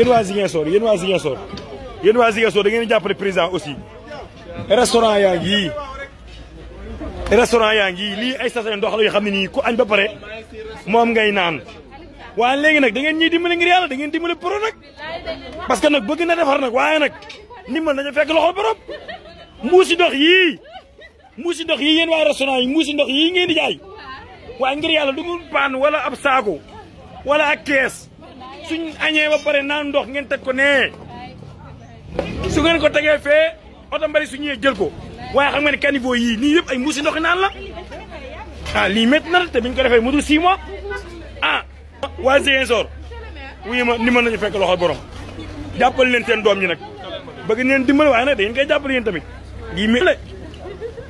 yéen waa Ziguinchor yéen waa Ziguinchor yéen waa Ziguinchor da ngeen di jàppale président aussi restaurant yaa ngi yii restaurant yaa ngi lii ay station ndox la yoo xam ne nii ku añ ba pare moom ngay naan waaye léegi nag da ngeen ñuy dimbale ngir yàlla da ngeen dimbale pro nag parce que nag bëgg na defar nag waaye nag ndimbal dañu fekk loxo borom muusi ndox ndox restaurant yi ndox ngeen di jaay ngir du mu wala ab wala ak suñ añé ba paré na ndox ngén tek ko né su ngén ko tégué fé auto mbari su ñëwee jël ko way xam nga ni caniveau yi ni yépp ay musi ndox naan la ah li met na té biñ ko défé mudu 6 mois ah zéen sor wuy ma ni mën nañu fekk loxol borom jappal leen seen doom ñi nak bëgg ñeen dimbal way na dañ koy jappal yeen tamit li métti la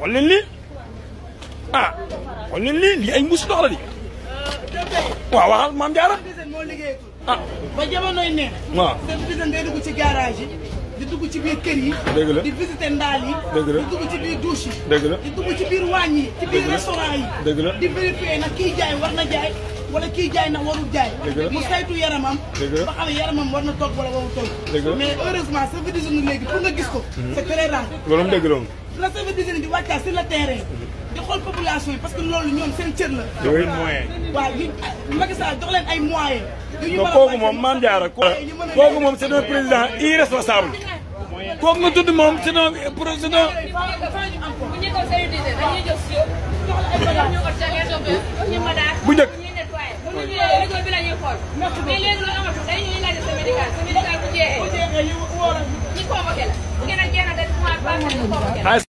wal leen li ah wal leen li ay musi ndox la di waaw waxal mam jaara ah ba jamonoy neex. de ah. seen bisan day dugg de de yi. di dugg de de kër yi. de de di visiter ndaal de de la di dugg ci de de yi. dëgg la de dugg ci biir waañ de ci biir restaurant yi. de tudo di vérifier nag de jaay war na jaay. de kii jaay na warul de tudo saytu yaramam. ba de ne yaramam war na de de warul toog. mais de service d'hygiène léegi pour de gis ko. Mhm. c'est très de loolu dëgg la moom. de service d'hygiène di wàccaa de le terrain. Mhm. di xool population yi parce que loolu ñoom seen cër la. jox leen moyen. waaw li Macky Sall jox leen ay moyens. yu ñu mën a kooku moom Mame Diarra kooku moom c'est un président irresponsable. kooku nga tudd moom c'est un président. bu njëkk. bu njëkk.